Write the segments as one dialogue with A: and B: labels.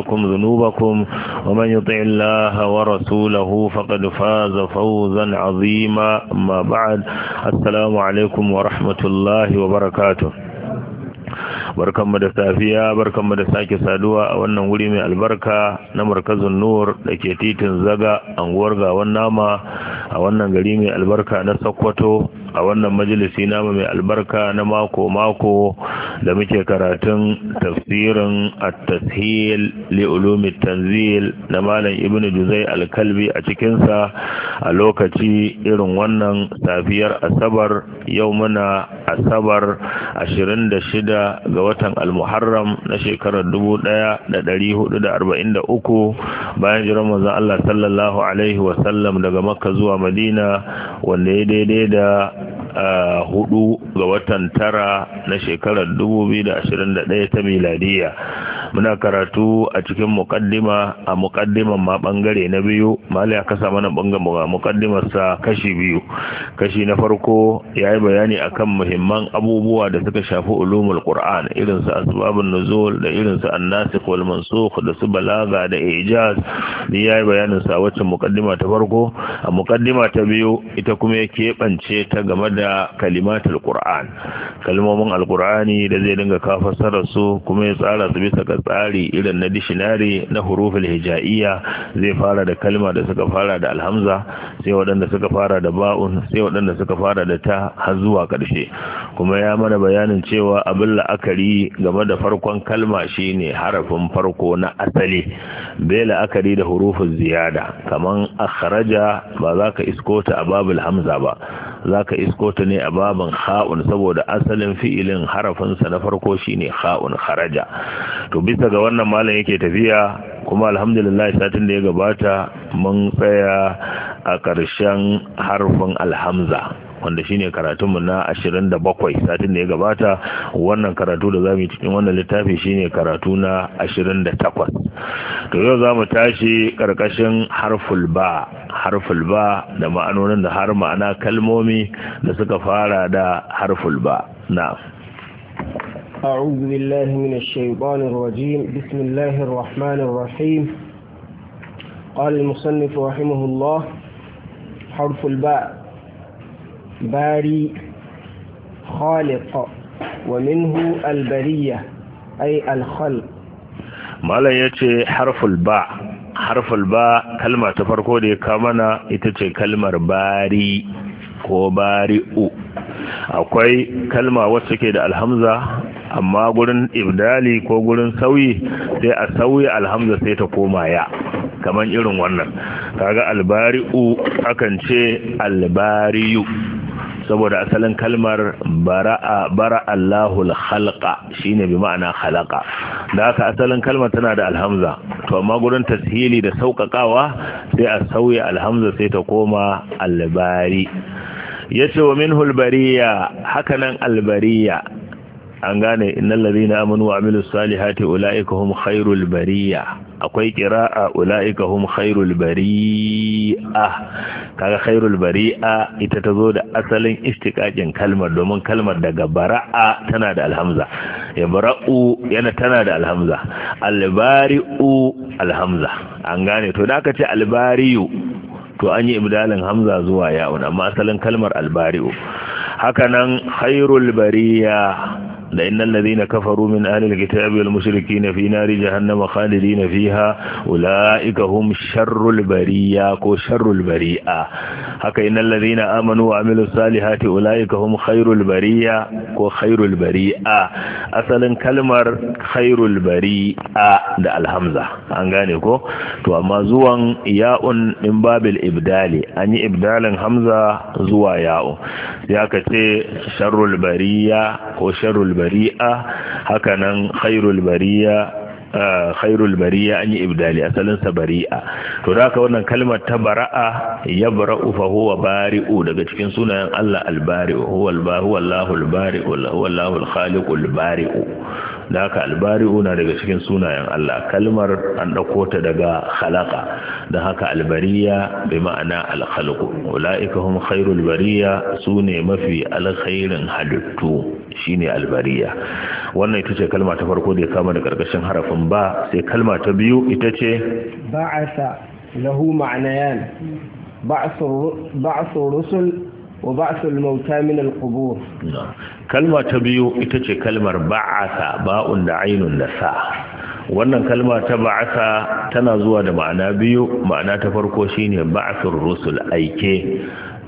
A: لكم ذنوبكم ومن يطع الله ورسوله فقد فاز فوزا عظيما ما بعد السلام عليكم ورحمة الله وبركاته barkanmu da safiya barkanmu da sake saduwa a wannan wuri mai albarka na markazin nur da ke titin zaga anguwar gawan nama a wannan gari mai albarka na sokoto a wannan majalisi namu mai albarka na mako-mako da muke karatun tafsirin at-tashil li ulumi tanzil na malam ibnu juzai al-kalbi a cikinsa a lokaci irin wannan safiyar asabar yau muna asabar 26 ga watan al-muharram na shekarar 1443 bayan jiran manzon Allah sallallahu alaihi wasallam daga makka zuwa madina wanda ya daidai da hudu ga watan tara na shekarar 2021 ta miladiya muna karatu a cikin mukaddima a mukaddiman ma bangare na biyu mali ya kasa mana bangaren mukaddimar sa kashi biyu kashi na farko ya yi bayani akan muhimman abubuwa da suka shafi ulumul qur'an irin su asbabun nuzul da irin su annasikh wal mansukh da su balaga da ijaz ni ya yi bayanin sa wacce mukaddima ta farko a mukaddima ta biyu ita kuma ya keɓance ta game da kalimatul qur'an Al-Qur'an kalmomin Al-Qur'ani da zai dinga ka su kuma ya tsara su bisa ga tsari irin na dictionary na huruful hijaiya zai fara da kalma da suka fara da alhamza sai waɗanda suka fara da ba'un sai waɗanda suka fara da ta har zuwa ƙarshe kuma ya mana bayanin cewa abin la'akari game da farkon kalma shine harafin farko na asali bai la'akari da hurufin ziyada kaman akhraja ba za ka iskota a babul hamza ba za ka iskota ne a babin ha'u kha'un saboda asalin fi'ilin harafinsa na farko shine ha'un kharaja to bisa ga wannan malam yake tafiya kuma alhamdulillah satin da ya gabata mun tsaya a ƙarshen harfin alhamza wanda shine karatunmu na 27 satin da ya gabata wannan karatu da za mu yi cikin wannan littafi shine karatu na 28 to yau za mu tashi karkashin harful ba harful ba da ma'anonin da har ma'ana kalmomi da suka fara da harful ba na
B: أعوذ بالله من الشيطان الرجيم بسم الله الرحمن الرحيم قال المصنف رحمه الله حرف الباء باري خالق ومنه البرية أي الخلق
A: ما لا يتي حرف الباء حرف الباء كلمة تفرقو دي كامانا يتي كلمة باري ko u. akwai kalma wacce ke da alhamza amma gurin ibdali ko gurin sauyi sai a sauyi alhamza sai ta koma ya kamar irin wannan kaga u akan ce albariyu saboda asalin kalmar bara Allahul halqa shine bi ma'ana khalaqa da haka asalin kalmar tana da alhamza to amma gurin tashili da sauƙaƙawa sai a sauya alhamza sai ta koma albari yace wa minhul bariya hakanan albariya an gane innal ladina amanu wa amilus salihati ulaika hum khairul bariya akwai qira'a ulaika hum khairul bari'a kaga khairul bari'a ita tazo da asalin istiqaqin kalmar domin kalmar daga bara'a tana da alhamza ya bara'u yana tana da alhamza albari'u alhamza an gane to da aka ce albari'u to an yi ibdalin hamza zuwa ya'un amma asalin kalmar albari'u hakanan khairul bariya da innan ladina kafaru min ahlil kitabi wal mushrikin fi nari jahannama khalidina fiha ulaika hum sharrul bariya ko sharrul bari'a haka innan na amanu wa amilu salihati ulaika hum khairul bariya ko khairul bari'a asalin kalmar khairul bari'a da alhamza an gane ko to amma zuwan ya'un min babil ibdali an yi ibdalin hamza zuwa ya'u sai aka ce sharrul bariya ko sharrul bari'a hakanan khairul bariya khairul bariya an yi ibdali asalinsa bari'a to da haka wannan kalmar ta bara'a ya bara'u fa huwa bari'u daga cikin sunayen Allah albari'u huwa bari'u wallahu albari'u wallahu alkhaliqu bari'u. da haka albari'u na daga cikin sunayen Allah kalmar an ɗauko ta daga khalaqa da haka albariya bi ma'ana alkhalqu ulaika hum khairul bariya sune mafi alkhairin halittu shine albariya wannan ita ce kalma ta farko da ya kama da karkashin harafin ba sai kalma ta biyu ita ce
B: ba'asa lahu ma'nayan ba'su ba'su rusul wa ba'asul mauta min al-qubur
A: kalma ta biyu ita ce kalmar ba'asa ba'un da ainun nasa wannan kalma ta ba'asa tana zuwa da ma'ana biyu ma'ana ta farko shine ba'asur rusul aike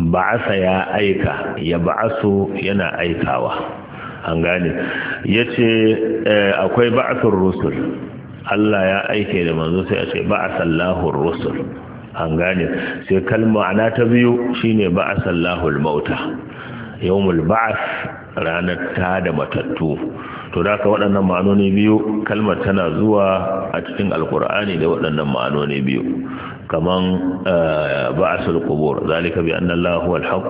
A: ba'asa ya aika ya ba'asu yana aikawa an gane yace eh, akwai ba'asur rusul Allah ya aike da manzo sai a ce ba'asallahu rusul an gane sai kalma ana ta biyu shine ba'asallahu al-mauta yawmul ba'ath ranar ta da matattu to da ka waɗannan ma'anoni biyu kalmar tana zuwa a cikin alkur'ani da waɗannan ma'anoni biyu kaman eh, ba'asul qubur zalika bi anna Allah huwa al-haq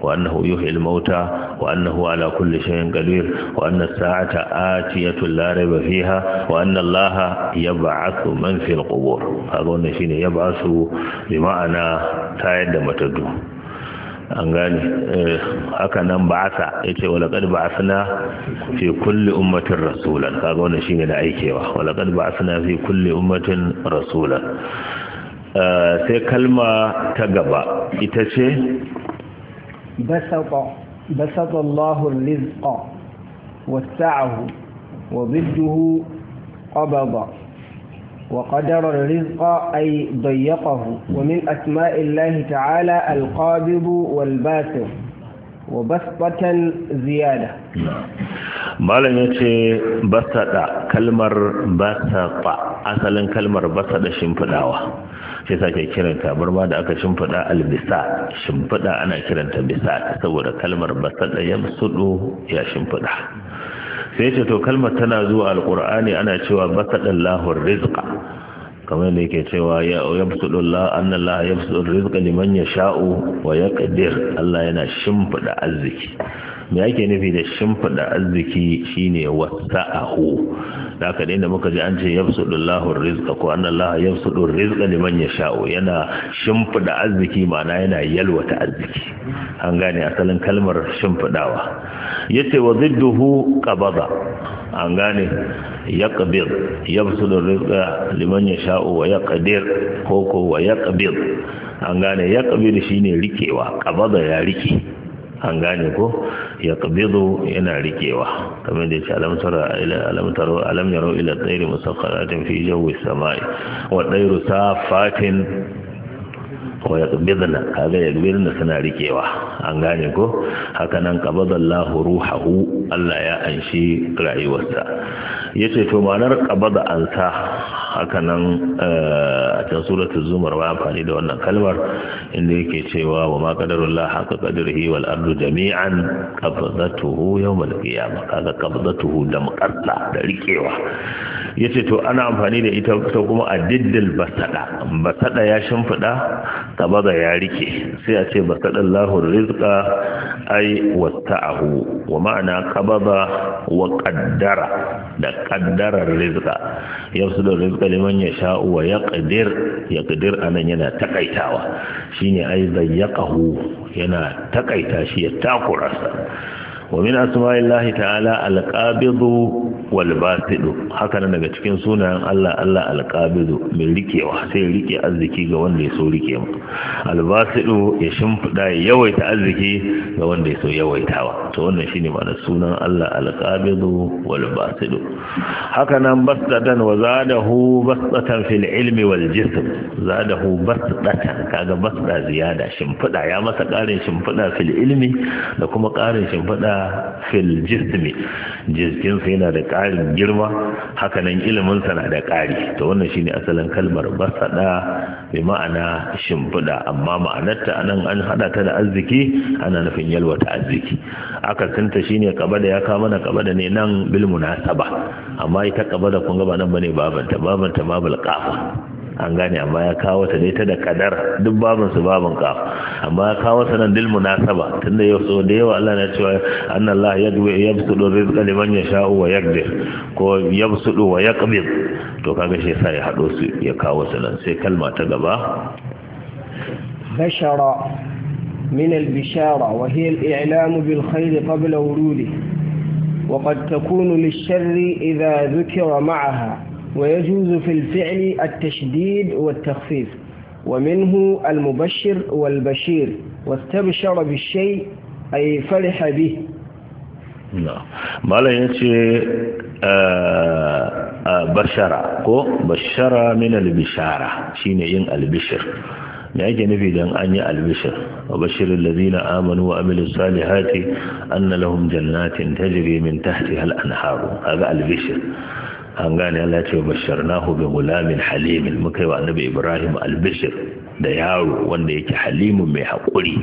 A: wa annahu yuhyi al-mauta wa annahu ala kulli shay'in qadir wa anna as-sa'ata atiyatu la rayba fiha wa anna Allah yab'athu man shine tayar da matadu an gani eh, haka nan ba'asa yace wala qad suna fi kulli ummatin rasulan kaga wannan shine da aikewa walakar qad suna fi kulli ummatin rasulan Eh, sai kalma ta gaba ita ce
B: basata basata Allahu rizqa wasa'ahu wa bidduhu qabada وقدر الرزق أي ضيقه ومن أسماء الله تعالى القابض والباسط وبسطة زيادة
A: malam ya ce basaɗa kalmar basaɗa asalin kalmar basaɗa shimfiɗawa shi sa ke kiran tabarma da aka shimfiɗa albisa shimfiɗa ana kiranta bisa saboda kalmar basaɗa ya suɗo ya shimfiɗa sai ce to kalmar tana zuwa alƙur'ani ana cewa basaɗin lahun rizqa kamar yadda yake cewa ya yabsudu Allah anna Allah yabsudu rizqa liman yasha'u wa yaqdir Allah yana shimfiɗa arziki me ake nufi da shimfiɗa arziki shine wasa'ahu da haka da muka ji an ce yabsudullahu rizqa ko anna Allah yabsudu rizqa liman yasha'u yana shimfiɗa arziki ma'ana yana yalwata arziki an gane asalin kalmar shimfiɗawa yace wa zidduhu qabada an gane yaqbid yabsudu rizqa liman yasha'u wa yaqdir koko wa yaqbid an gane yaqbid shine rikewa qabada ya rike an gane ko ya qabidu yana rikewa kamar da yace alam tara ila alam taro alam yaro ila tayri musaffaratin fi jawi samai wa tayru safatin wa yaqbidna kaga na suna rikewa an gane ko haka nan qabadallahu ruhahu Allah ya anshi rayuwarsa yace to ma'anar qabada ansa haka nan eh, a can suratul zumar ba amfani da wannan kalmar inda yake cewa wa ma qadarullah haka qadrihi wal ardu jami'an qabdatuhu yawm al qiyamah kaga qabdatuhu da muqadda da rikewa yace to ana amfani da ita ta kuma a diddil basada basada ya shimfida tabaza ya rike sai a ce basada Allahu rizqa ai wata'ahu wa ma'ana kababa wa qaddara da qaddara rizqa yabsudu rizqa liman yasha'u wa yaqdir yaqdir anan yana takaitawa shine ai zayyaqahu yana takaita shi ya takurasa wa min asma'illahi ta'ala alqabidu wal basidu haka daga cikin sunayen Allah Allah alqabidu mai rikewa sai rike arziki ga wanda ya so rike mu al ya shimfida ya yawaita arziki ga wanda ya so yawaitawa to wannan shine ma'anar sunan Allah alqabidu wal basidu haka nan basatan wa zadahu basatan fil ilmi wal jism zadahu basatan kaga basda ziyada shimfida ya masa karin shimfida fil ilmi da kuma karin shimfida fil jismi jiskinsa yana da ƙarin girma hakanan iliminsa na da ƙari to wannan shine asalin kalmar basada bi ma'ana shimfiɗa amma ma'anarta anan an haɗa ta da arziki ana nufin yalwa ta arziki akasinta shine kabada ya kama mana kabada ne nan bil munasaba amma ita kabada kun ga ba nan bane babanta babanta mabul qafa an gane amma ya kawo ta ne ta da kadar duk babin su babin ka amma ya kawo ta nan na saba tunda yau so da yawa Allah na cewa annallah yabsudu rizqa liman yasha'u wa yaqdir ko yabsudu wa yaqbid to kaga shi yasa ya hado su ya kawo ta nan sai kalma ta gaba
B: بشرة من البشارة وهي الإعلام بالخير قبل وروده وقد تكون للشر إذا ذكر معها ويجوز في الفعل التشديد والتخفيف ومنه المبشر والبشير واستبشر بالشيء أي فرح به
A: نعم ما لا ينشي آه، آه، بشرة كو بشرا من البشارة شين ين البشر نعيك نفي دان أني البشر وبشر الذين آمنوا وعملوا الصالحات أن لهم جنات تجري من تحتها الأنهار هذا البشر an gane Allah ce basharnahu bi gulamin halimin muka yi wa annabi Ibrahim albishir da yaro wanda yake halimu mai hakuri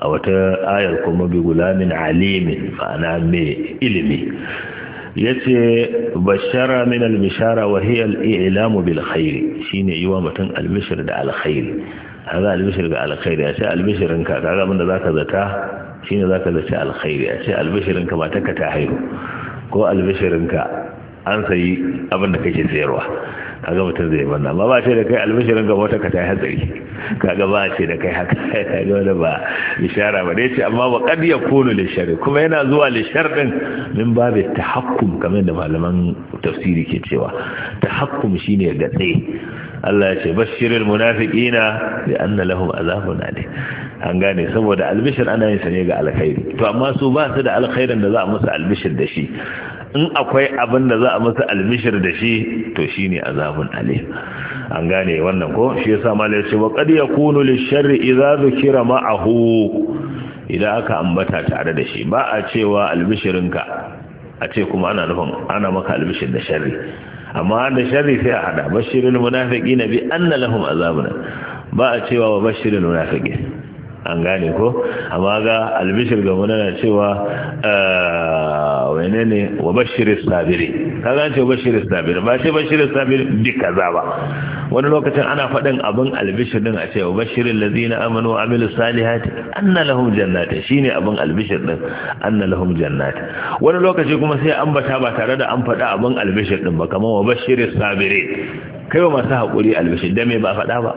A: a wata ayar kuma bi gulamin alimin ana mai ilimi yace bashara min al wa hiya al-i'lamu bil khair shine yiwa mutum al da al-khair hada al da al-khair ya ce al ka kaga abinda zaka zata shine zaka zata al-khair ya ce al ka ta haihu ko albishirinka an sayi abin da kake sayarwa kaga mutum zai banna amma ba ce da kai albishirin ga wata ka ta hatsari kaga ba ce da kai haka kaga wani ba ishara ba dai ce amma ba, qad kono li kuma yana zuwa li din min ba ta tahakkum kamar da malaman tafsiri ke cewa Ta tahakkum shine ga tsaye Allah ya ce bashirin munafiƙina da an na lahum zafuna ne. an gane saboda albishir ana yin sa ne ga alkhairi to amma su ba su da alkhairin da za a musu albishir da shi in akwai abin da za a masa almishir da shi to shine azabun alim an gane wannan ko shi yasa malai ce wa qad yakunu lisharri idza zukira ma'ahu idan aka ambata tare da shi ba a cewa albishirinka a ce kuma ana nufin ana maka albishir da sharri amma da sharri sai a hada bashirin munafiki na bi anna lahum azabun ba a cewa wa bashirin munafiki an gane ko amma ga albishir ga muna na cewa eh, wane ne wa bashir sabiri ka zan ce bashir sabiri ba ce bashir sabiri duk kaza ba wani lokacin ana faɗin abin albishir din a ce wa bashir allazina amanu wa amilu salihati anna lahum jannata shine abin albishir din anna lahum jannata wani lokaci kuma sai an bata ba tare da an faɗa abin albishir din ba kamar wa bashir sabiri kai wa masu haƙuri albishir da me ba faɗa ba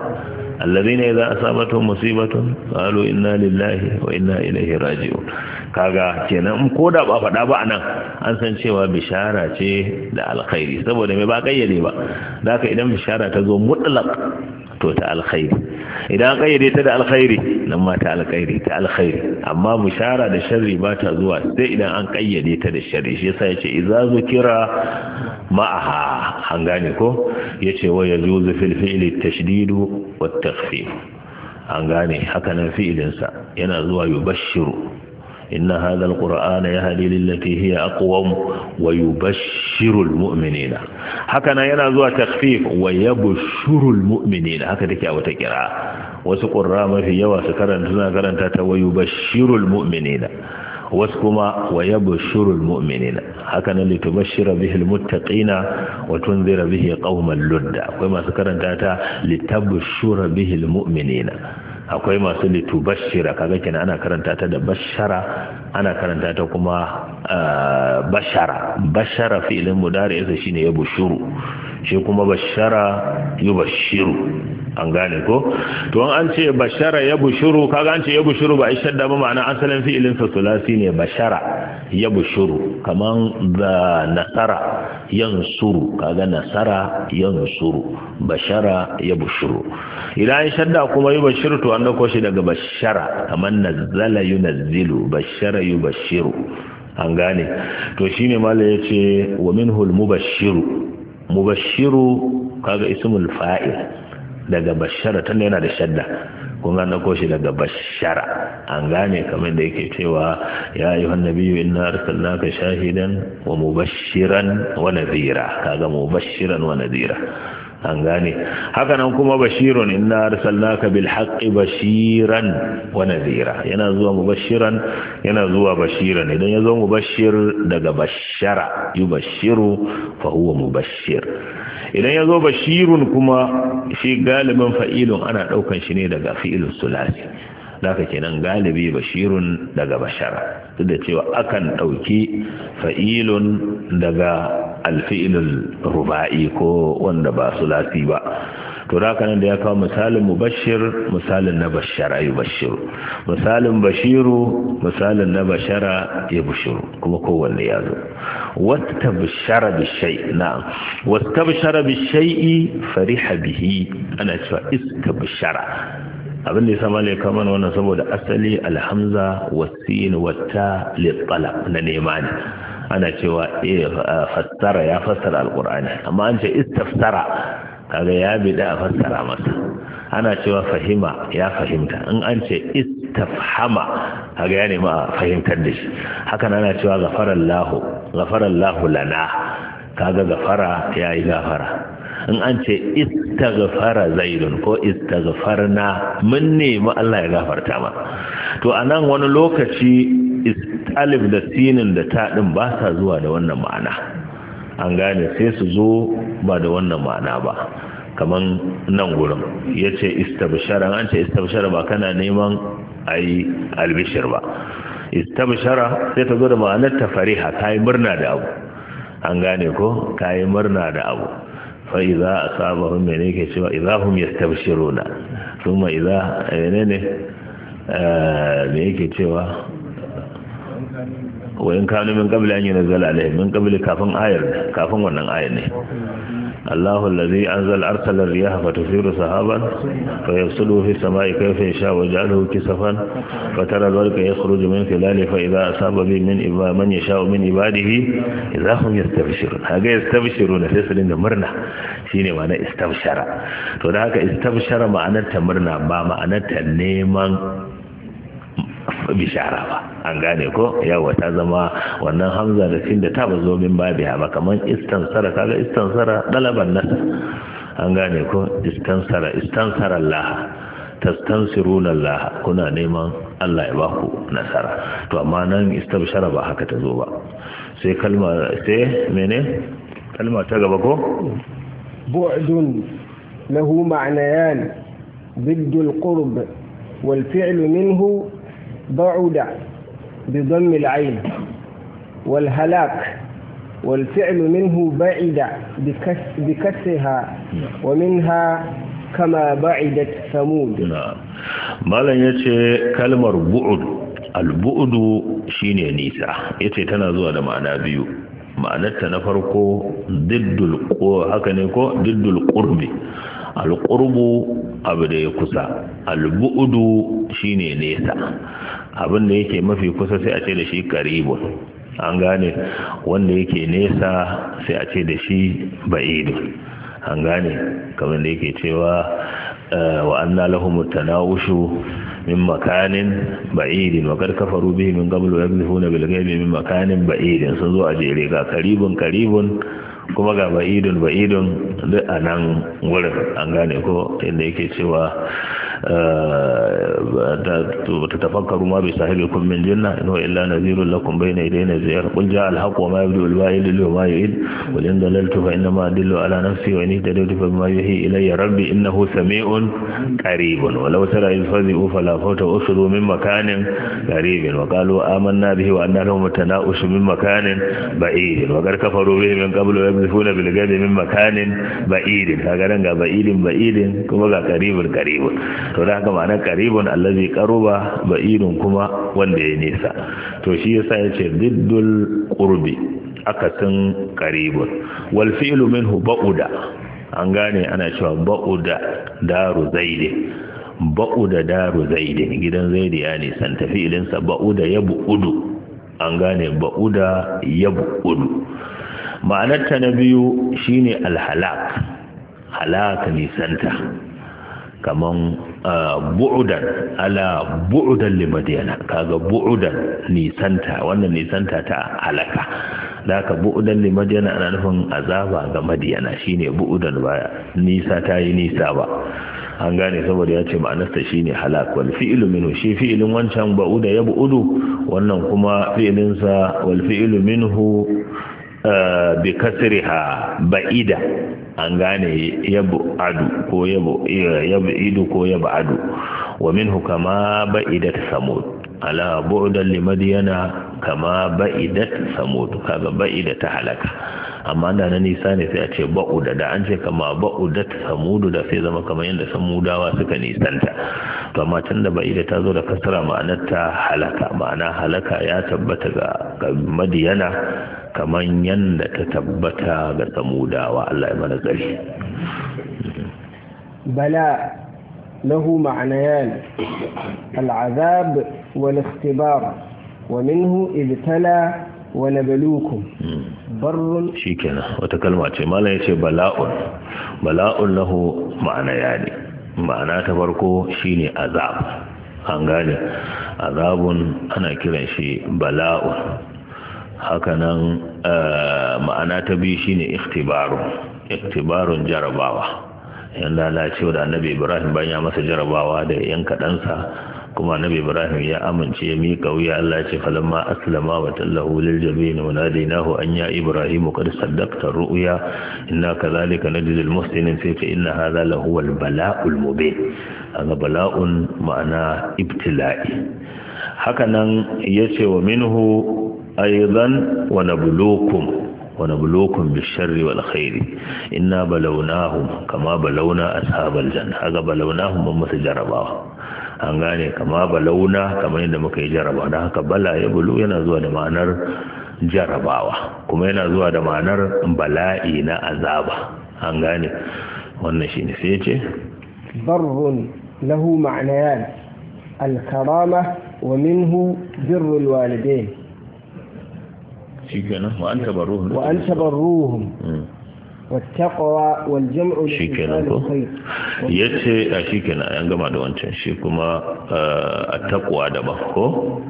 A: allazina idza asabatuhum musibatun qalu inna lillahi wa inna ilaihi raji'un kaga kenan ko da ba faɗa ba anan an san cewa bishara ce da alkhairi saboda me ba kayyade ba zaka idan bishara ta zo mutlaq to ta alkhairi idan kayyade ta da alkhairi nan ma ta alkhairi ta alkhairi amma bishara da sharri ba ta zuwa sai idan an kayyade ta da sharri shi yasa yace idza zukira ma'aha an gane ko yace wa yajuzu fil fi'li tashdidu wat takhfif an gane haka nan yana zuwa yubashshiru inna hadha alqur'ana ya lillati hiya aqwam wa yubashshiru almu'minina haka nan yana zuwa takhfif wa yabshuru almu'minina haka take a wata kira wasu qurra mafi yawa su karanta suna karanta ta wa yubashshiru almu'minina wasu kuma wa yabshurul mu'minina haka nan bashira bihi almuttaqina wa tunzira bihi qauman ludda akwai masu karanta ta litabshura bihi almu'minina akwai masu litu bashira kaga kina ana karanta ta da bashara ana karanta ta kuma ah, bashara bashara fi'ilin mudari yasa shine shuru. shi kuma bashara Bashiru, an gane ko to an ce bashara ya bushuru kaga an ce ya bushiru, ba ishar da ba ma'ana asalin fi'ilin sa ne bashara ya bushuru kaman da nasara suru, kaga nasara suru, bashara ya bushuru idan an shadda kuma yi bashiru to an dauko shi daga bashara kaman nazzala yunazzilu bashara yubashiru an gane to shine ya yace wa minhul mubashiru mubashiru kaga ismul fa'il daga bashara tunda yana da shadda kun na koshi shi daga bashara an gane kamar da yake cewa ya yi nabiyyu inna ka arsalnaka shahidan wa mubashiran wa nadhira kaga mubashiran wa nadhira an gane hakanan kuma bashirun inna arsalnaka bil haqqi bashiran wa nadhira yana zuwa mubashiran yana zuwa bashiran idan yazo zo mubashir daga bashara yubashiru fa huwa mubashir idan yazo bashirun kuma shi galibin fa'ilun ana daukan shi ne daga fi'ilus sulasi daga kenan galibi bashirun daga bashara duk da cewa akan dauki fa'ilun daga alfi'ilul ruba'i ko wanda ba sulasi ba to da nan da ya kawo misalin mubashir misalin na bashara ya bashiru misalin bashiru misalin na bashara ya bashiru kuma kowanne ya zo wata bishara bishai na wata bishara bishai fariha bihi ana cewa iska bishara abin da ya sama ne kamar wannan saboda asali alhamza wasin wata litsala na nema ne ana cewa eh, fassara ya fassara alkur'ani amma an ce istaftara kaga ya bida a fassara masa ana cewa fahima ya fahimta in an ce istafhama kaga ya nemi a fahimtar da shi hakan ana cewa gafarallahu gafarallahu lana kaga gafara ya yi gafara in an ce istaghfara zaidun ko istaghfarna mun nemi Allah ya gafarta ma to anan wani lokaci alif da sinin da ta ɗin ba sa zuwa da wannan ma'ana an gane sai su zo ba da wannan ma'ana ba kaman nan gurin ya ce istabshara an ce istabshara ba kana neman a yi albishir ba istabshara sai ta zo da ma'anar ta fariha ta yi murna da abu an gane ko ta yi murna da abu za a sabahun mene ke cewa izahun ya stabshiruna sun kuma a yane eh, ne eh, me yake cewa wa'in kanu min kabili an yi na zala min kabili kafin ayar ne kafin wannan ayar ne allahu lalazi an zala artalar ya hafa tafiru sahaban ka yi su lufi sama ika sha waje alu kisafan ka tara zarka ya kuru jimin filali a saba man ya sha'o min ibadihi iza hun ya stabshiru na ga ya stabshiru na sai su dinga murna shi ne ma'ana to da haka istabshara ma'anar ta murna ba ma'anarta neman bishara ba an gane ko yawa ta zama wannan hamza da sin da ta ba zo min babi ba kamar istansara kaga istansara dalaban nasa an gane ko istansara istansara Allah tastansiruna Allah kuna neman Allah ya baku nasara to amma nan istabshara ba haka ta zo ba sai kalma sai mene kalma ta gaba ko
B: bu'dun lahu ma'nayan ضد القرب والفعل منه بعد بضم العين والهلاك والفعل منه بعد بكسرها ومنها كما بعدت ثمود
A: مالا يتي كلمة بعد البعد شيني نيسا يتي تنازو هذا معنى بيو معناتها نفرقو ضد القو هكا نيكو ضد القرب القرب abu da ya kusa albu'udu shine nesa abin da yake mafi kusa sai a ce da shi karibu, an gane wanda yake nesa sai a ce da shi ba'idu an gane kamar da yake cewa eh, wa lahumu lahum tanawushu min makanin ba'idin wa kad kafaru bihi min qablu yadhifuna na bilgabi min makanin ba'idin sun zo a jere ga karibun karibun kuma ga ba'idun ba'idun duk a nan wurin an gane ko inda yake cewa آه، آه، تتفكروا ما بصاحبكم من جنة إنه إلا نذير لكم بين إيدينا زيارة قل جاء الحق وما يبدو الوائل ما يعيد وإن دللت فإنما أدل على نفسي وإن اهتدلت فما يهي إلي ربي إنه سميع قريب ولو ترى إذ فزئوا فلا فوت أصلوا من مكان قريب وقالوا آمنا به وأن لهم التناؤش من مكان بعيد وقد كفروا به من قبل ويقذفون بالغيب من مكان بعيد هكذا بعيد بعيد كما قريب قريب to da haka ma'ana karibun allazi qaruba ba'idun kuma wanda ya nisa to shi yasa yace diddul qurbi akasin karibun wal fi'lu minhu ba'uda an gane ana cewa ba'uda daru zaidi ba'uda daru zaidi gidan zaidi ya fi'lin sa ba'uda ya bu'udu an gane ba'uda ya bu'udu ma'anarta na biyu shine alhalak halak nisanta kaman bu'udan ala bu'udan limadiyana. kaga bu'udan nisanta wannan nisanta ta halaka da ka bu'udan limadiyana ana nufin azaba ga madiyana shine bu'udan ba nisa ta yi nisa ba an gane saboda ya ce ma'anarsa shine halak wal fi'lu minhu shi fi'ilin wancan ba'uda ya bu'udu wannan kuma fi'ilinsa wal fi'lu minhu Eh, bi kasriha ba'ida an gane yabu adu ko eh, yabu idu ko yabu adu wa minhu kama ba'idat samud ala bu'dan li madyana kama ba'idat samud kaga ba'ida ta halaka amma da na nisa ne sai a ce ba'uda da an ce kama ta samudu da sai zama kamar yadda samudawa suka nisanta to amma tun da ba'ida ta zo da kasara ma'anar ta halaka ma'ana halaka ya tabbata ga madiyana kamar yadda ta tabbata ga samudawa Allah ya mana tsari
B: bala lahu ma'anayan al'azab wal ikhtibar wa minhu ibtala wa nabluukum barrun
A: shikenan wata kalma ce mallan yace bala'un bala'un lahu ma'anayan ma'ana ta farko shine azab an gane azabun ana kiran shi bala'un hakanan eh, ma'ana ta biyu shine ikhtibarun ikhtibarun jarabawa yan lalacewa da annabi ibrahim bayan ya masa jarabawa da yan kaɗansa kuma annabi ibrahim ya amince ya miƙa wuya allah ce falamma aslama wa tallahu lil jabin wa nadinahu an ya ibrahim qad saddaqta ru'ya inna kadhalika najzi al muhsinin sai ce inna hadha lahu al bala'ul mubin aga bala'un ma'ana ibtila'i hakanan yace wa minhu aidan wa bulokun wa nabluukum bish-sharri khairi inna balawnahum kama balawna haga balawnahum mun musu jarabawa an gane kama balauna kamar yadda muka yi jaraba da haka bala ya bulu yana zuwa da ma'anar jarabawa kuma yana zuwa da ma'anar bala'i na azaba an gane wannan ne sai ce
B: barrun lahu ma'nayan alkarama wa minhu birrul walidain
A: shikenan wa an tabarruhum wa an
B: tabarruhum mm. wattaqwa wal jam'u shikenan ko
A: yace a shikenan an gama da wancan shi kuma attaqwa da ba ko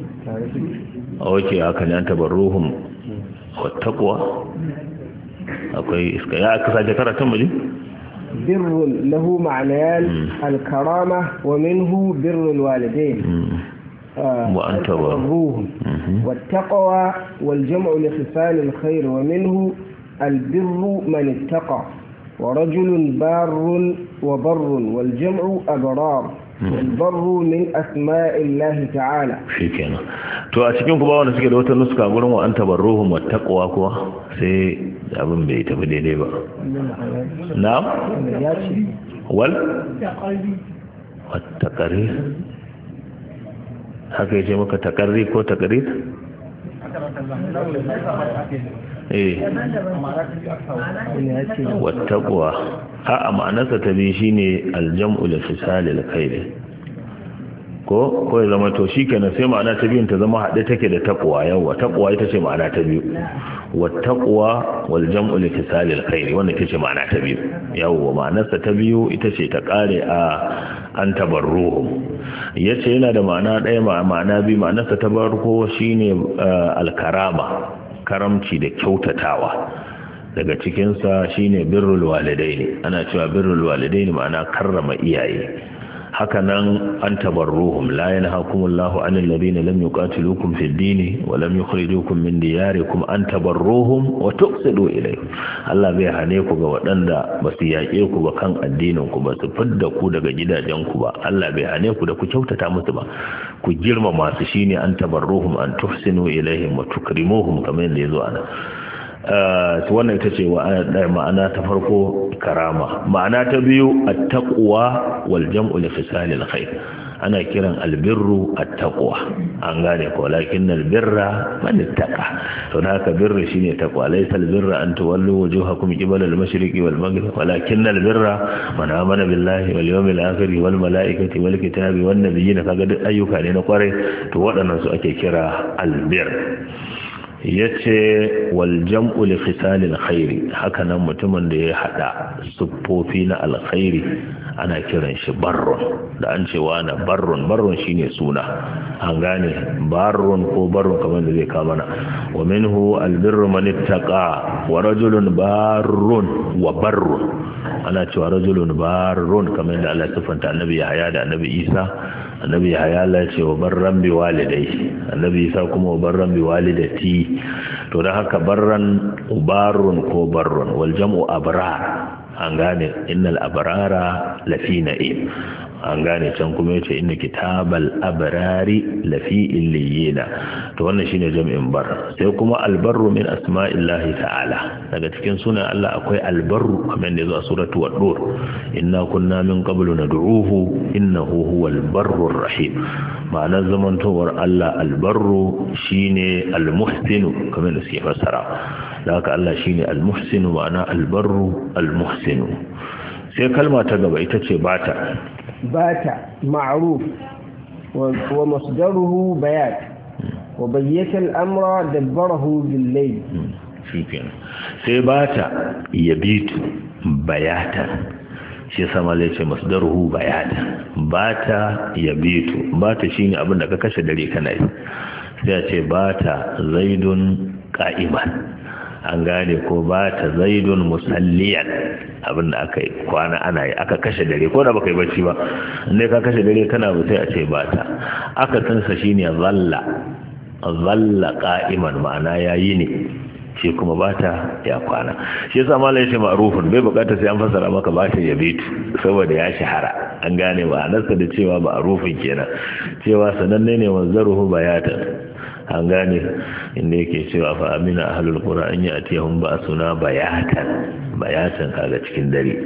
A: oke haka ne an tabarruhum wattaqwa akwai iska ya aka sake karatun mu
B: بر له معنيان الكرامة ومنه بر الوالدين وأن تبروهم والتقوى والجمع لخصال الخير ومنه البر من اتقى ورجل بار وبر والجمع أبرار albarru min asma'illahi ta'ala
A: shikenan to a cikin ku ba wanda suke da wata nuska gurin wa anta barruhum wattaqwa abin bai tafi daidai ba wal haka yi ce maka takarri ko
B: wata kuwa
A: a a ma'anarsa ta biyu shi ne aljam'u da fisali kai ko ko ya zama to shi kenan sai ma'ana ta biyun ta zama haɗe take da taƙuwa yawwa taƙuwa ita ce ma'ana ta biyu wattaƙuwa wal jam'u da fisali da kai wanda ita ce ma'ana ta biyu yawwa ma'anarsa ta biyu ita ce ta ƙare a an ya yace yana da ma'ana ɗaya ma'ana bi ma'anarsa tabarruko shine eh, alkarama karamci da kyautatawa daga cikinsa shine birrul walidaini ana cewa birrul walidaini ma'ana karrama iyaye hakanan an tabarruhum la yanhaakumullahu 'anil ladina lam yuqatilukum fid dini wa lam yukhrijukum min diyarikum an tabarruhum wa tuqsidu ilayhim Allah bai hane ku ga waɗanda basu yake ku ba kan addinin ku ba su fidda ku daga gidajen ku ba Allah bai hane ku da ku kyautata musu ba ku girmama masu shine an tabarruhum an tuhsinu ilayhim wa tukrimuhum kamar yadda yazo ana Eh, ta wannan ita ce ma'ana ta farko karama ma'ana ta biyu attaqwa wal jam'u li fisalil kai ana kiran albirru attaqwa an gane ko lakin albirra mani ittaqa to da haka birru shine ta laysa albirra an tuwallu wujuhakum qibala al-mashriqi wal maghrib walakin albirra man amana billahi wal yawmil akhir wal malaikati wal kitabi wan na kaga duk ayyuka ne na kwarai to waɗannan su ake kira albir ya ce waljan uli fisalin khairi hakanan mutumin da ya hada siffofi na alkhairi ana kiran shi barron da an cewa na barron barron shine suna an gane barron ko barron kamar da zai kama na wa minhu albirru man ittaqa wa rajulun barron wa barron ana cewa rajulun barron kamar da Allah sifanta annabi Yahaya da annabi Isa annabi haya lalace wa barran bi walidai annabi isa kuma wa barran walidati to da haka barran ubarun ko Barron wal jam'u abrar an gane innal abrara lafi na'im an gane can kuma yace inna kitabal abrari lafi illiyina to wannan shine jami'in bar sai kuma albarru min asma'illahi ta'ala daga cikin sunan Allah akwai albarru kamar da yazo a suratu wadur inna kunna min qablu nad'uhu innahu huwal barrur rahim zaman zamantowar Allah albarru shine almuhsinu kamar da suke fassara haka Allah shine almuhsinu ma'ana albarru almuhsinu sai kalma ta gaba ita ce bata
B: بات معروف ومصدره بيات وبيت الأمر دبره بالليل
A: شكرا بات يبيت بياتا shi sama zai ce masdaruhu bayata bata yabitu bata shine abin da ka kashe dare kana yi sai ce ce bata zaidun qa'iman an gane ko ba ta zaidun musalliyan abin da aka kwana ana yi aka kashe dare ko da baka yi bacci ba inda ka kashe dare kana ba sai a ce ba ta aka tunsa shine zalla zalla qa'iman ma'ana yayi ne shi kuma ba ta ya kwana shi yasa malai shi ma'rufun bai bukata sai an fassara maka ba ta yabitu saboda ya shahara an gane ba ma'anarsa da cewa ma'rufun kenan cewa sananne ne wanzaruhu bayatan an gane inda yake cewa fa amina ahlul qura an ba suna bayatan bayatan kaga cikin dare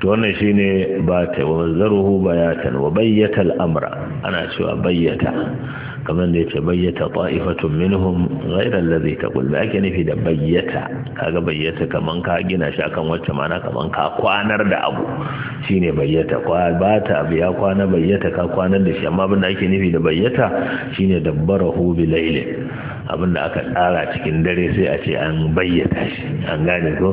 A: to wannan shine ba ta wa zaruhu bayatan wa bayyata amra ana cewa bayyata kamar da ya ce bayyata ta'ifatun minhum ghairar lazi ta kulba ake nufi da bayyata kaga bayyata kaman ka gina shi akan wacce mana kaman ka kwanar da abu shine bayyata kwa ba ta abu ya kwana bayyata ka kwanar da shi amma abin da ake nufi da bayyata shine dabbarahu bi laili abin da aka tsara cikin dare sai a ce an bayyata shi an gane ko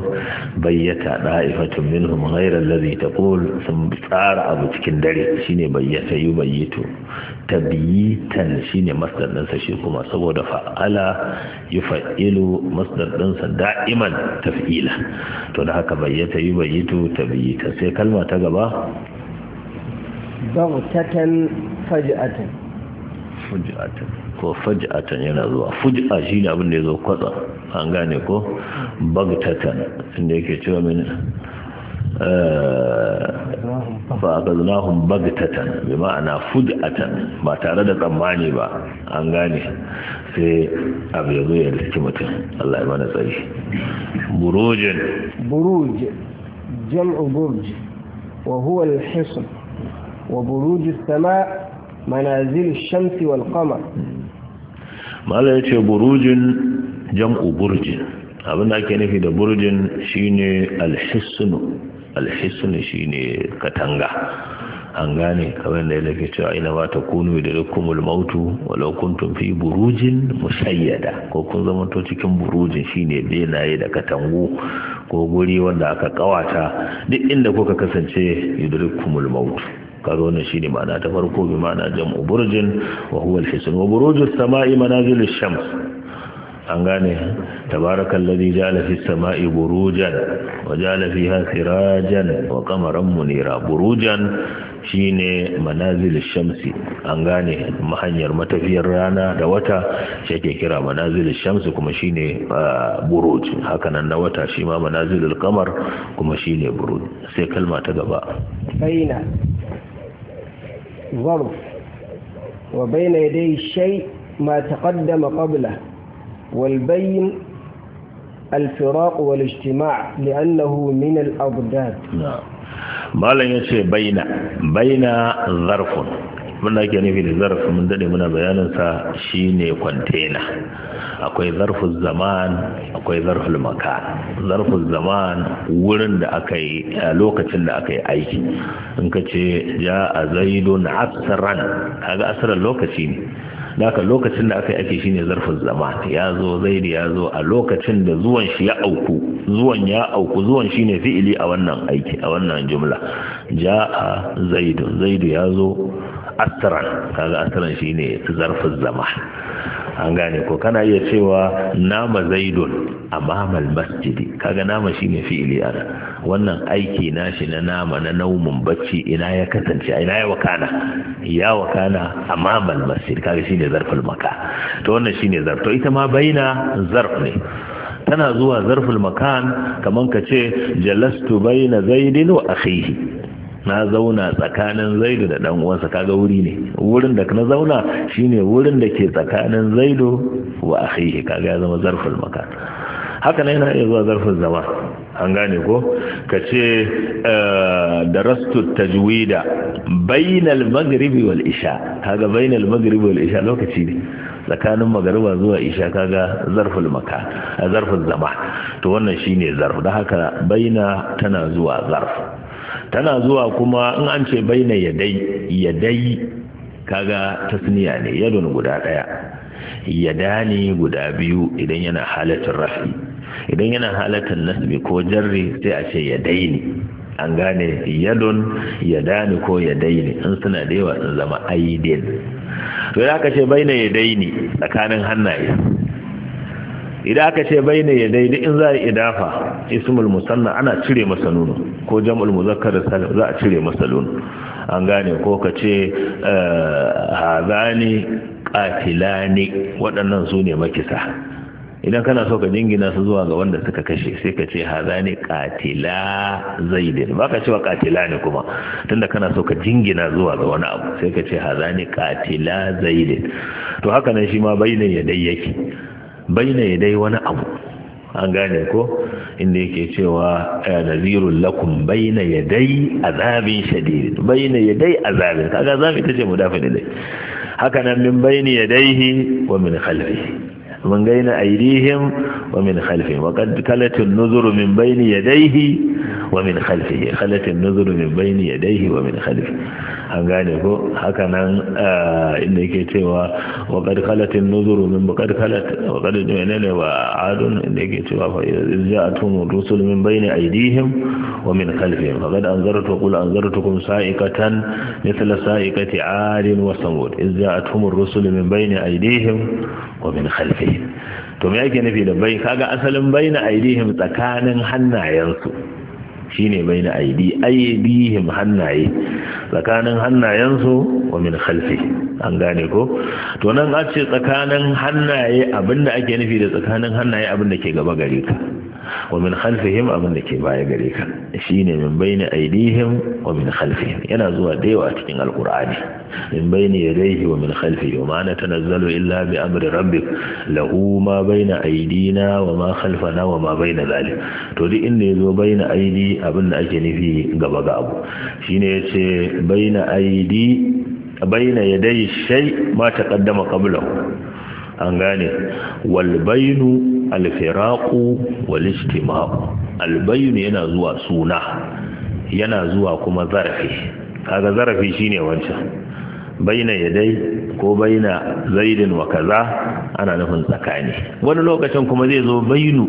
A: bayyata da'ifatun minhum ghairar lazi ta kul sun tsara abu cikin dare shine bayyata yubayyitu tabyitan shi shine masdar ɗinsa shi kuma saboda fa'ala yufailu masdar ɗinsa da'iman taf'ila to da haka bayyata yi bayyitu tabyita sai kalma ta gaba
B: baghtatan faj'atan
A: faj'atan ko faj'atan yana zuwa shi shine abin da yazo kwatsa an gane ko baghtatan inda yake cewa mini آه، فأخذناهم بغتة بمعنى فدأة ما تعرض تماني با أنغاني في أبيضية الحكمة الله يبانا صحيح بروج
B: بروج جمع برج وهو الحصن وبروج السماء منازل الشمس والقمر
A: ما لا يتشى بروج جمع برج أبنى كان في برج شيني الحصن shi ne katanga an gane kamar da ya lafi cewa ina ba ta kunu da rikumul mautu walau burujin musayyada ko kun zama to cikin burujin shi ne benaye da katangu ko guri wanda aka kawata duk inda kuka kasance yudrikumul mautu kaga wannan shine ma'ana ta farko bi ma'ana jam'u burjin wa huwa al wa burujus sama'i manazilush shams an gane tabarakan ladi ja'ala fi sama'i burujan wa ja'ala ha sirajan wa kamaran munira burujan shine manazil shamsi an gane mahanyar matafiyar rana da wata shi ke kira manazil shamsi kuma shine ah, buruj haka nan na wata shi ma manazil kamar kuma shine buruj sai kalma ta gaba
B: baina wa baina yadai shay ma taqaddama qabla والبين الفراق والاجتماع لأنه من الأضداد
A: malam ya ce baina baina zarfun wanda ake nufi da zarf mun daɗe muna bayanin bayaninsa shine kwantena akwai zarful zaman akwai zarful makan zarful zaman wurin da aka yi lokacin da aka yi aiki in ka ce ja a zaidun asran kaga asran lokaci ne daga lokacin da aka yi ake shine zarfin zama ya zo zaidi ya zo a lokacin da zuwan shi ya auku zuwan ya auku zuwan shine fi'ili a wannan aiki a wannan jumla a zaidu zaidu ya zo astaran kaga shi shine zarfin zama an gane ko kana iya cewa nama zaidun amamal masjidi kaga nama shine fi'ili ana wannan aiki nashi na nama na naumun bacci ina ya kasance ina ya wakana ya wakana amamal masjid kaga shine zarful maka to wannan shine zarf to ita ma baina zarf ne tana zuwa zarful makan kaman ka ce jalastu baina zaidin wa akhihi na zauna tsakanin zaidu da dan uwansa kaga wuri ne wurin da na zauna shine wurin da ke tsakanin zaidu wa akhihi kaga ya zama zarful makan haka ne yana iya zuwa zarfin zama an gane ko ka ce eh, darastu tajwida bainal maghribi wal isha kaga bainal maghribi wal isha lokaci ne tsakanin magariba zuwa isha kaga zarful maka eh, zarful zama to wannan shine zarf da haka baina tana zuwa zarf tana zuwa kuma in an ce baina yadai yadai kaga tasniya ne yadon guda daya yadani guda biyu idan yana halatin rafi idan yana halatin nasbi ko jarri sai a ce yadaini an gane yadon yadani ko yadaini in suna da yawa sun zama aidin to ya ce baina yadaini tsakanin hannaye idan aka ce ya yadayni in za a idafa ismul musanna ana cire masa nuno ko jam'ul muzakkar za a cire masa nuno an gane ko ka ce eh, hazani qatilani waɗannan su ne makisa idan kana so ka jingina su zuwa ga wanda suka kashe sai ka ce hazani qatila zaidin ka cewa qatila ne kuma tunda kana so ka jingina zuwa ga wani abu sai ka ce hazani qatila zaidin to haka nan shi ma bayna dai yake baina dai wani abu an gane ko inda yake cewa nazirun lakum baina yadai azabin shadid baina yadai azabin kaga zamu ita ce ne dai. haka nan min baini yadaihi wa min khalfihi min بين أيديهم ومن خلفهم وقد خلت النذر من بين يديه ومن خلفه خلت النذر من بين wa min خلفه an gane ko haka nan eh, inda yake cewa wa qad khalat an-nuzuru min qad khalat wa qad jinana wa adun inda yake cewa fa ja'atuhum rusul min bayni aydihim wa min khalfihim fa qad anzartu qul anzartukum sa'ikatan mithla sa'iqati 'adin wa samud iz ja'atuhum rusul min bayni aydihim wa min khalfihim to me yake nufi da bai kaga asalin bayna aydihim tsakanin hannayensu shine baina aidi aidihim hannaye tsakanin hannayensu wa min khalfi an gane ko to nan a ce tsakanin hannaye abinda ake nufi da tsakanin hannaye abinda ke gaba gare ka wa min khalfihim abin da ke baya gare ka shine min baini aidihim wa min khalfihim yana zuwa da yawa cikin alqur'ani min baini yadayhi wa min khalfihi wa ma natanazzalu illa bi amri rabbik lahu ma baina aidina wa ma khalfana wa ma baina zalik to duk inda yazo baina aidi abin da ake nufi gaba ga abu shine yace baina aidi baina yadayi shay ma taqaddama qablahu an gane walbainu. alfiraku walishtima'u albayyun yana zuwa suna yana zuwa kuma zarafi kaga zarafi shine wancan baina yadai ko baina zaidin wa kaza ana nufin tsakani wani lokacin kuma zai zo bainu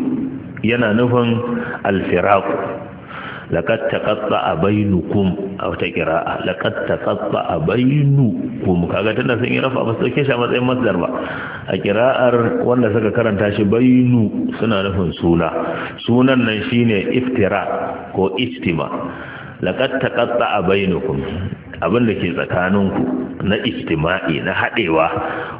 A: yana nufin alfiraku laqad taqatta bainukum a wata qira'a laqad taqatta bainukum kaga tana sun yi ba sauke shi a matsayin masdar ba a qira'ar wanda suka karanta shi bainu suna nufin suna sunan nan shine iftira ko istima laqad taqatta bainukum abin da ke tsakaninku na istima'i na haɗewa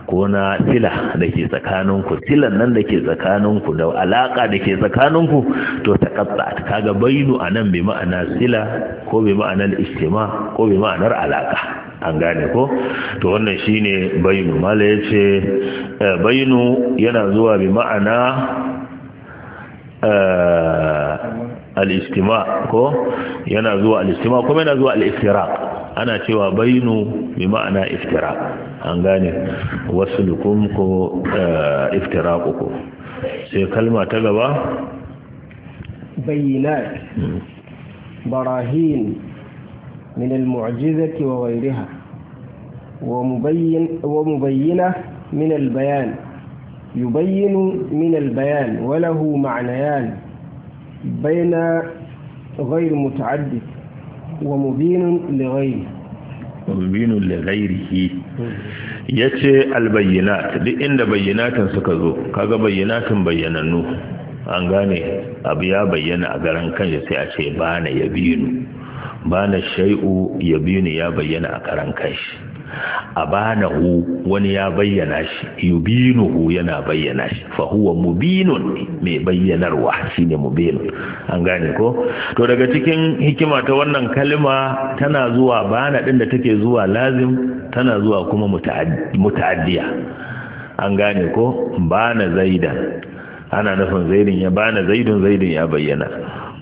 A: ko na sila da ke tsakaninku silan nan da ke tsakaninku da alaƙa da ke tsakaninku to ta ta kaga bainu a nan bi ma'ana sila ko bi ma'anar istima, ko bi ma'anar alaƙa an gane ko to wannan shine bainu mala ya ce eh, bainu yana zuwa bi ma'ana eh, al-istima ko yana zuwa al-istima kuma yana zuwa al-iftiraq ana cewa bainu bi ma'ana iftiraq an gane wasu waslukum ko eh, iftiraqukum sai kalma ta gaba
B: bayinat براهين من المعجزة وغيرها ومبين ومبينة من البيان يبين من البيان وله معنيان بين غير متعدد ومبين لغيره
A: ومبين لغيره yace albayyinat duk inda bayyinatan suka zo kaga bayyinatan bayyanannu an gane abu ya bayyana a garin kai sai a ce bana yabinu bana shai'u. yabinu ya bayyana a karan kai. abanahu wani ya bayyana shi yubinuhu yana bayyana shi fa huwa mubinun mai bayyanarwa shine mubinun an gane ko to daga cikin hikima ta wannan kalma tana zuwa bana din da take zuwa lazim tana zuwa kuma muta'addiya an gane ko bana zaidan ana nufin zaidin ya bana zaidun zaidin ya bayyana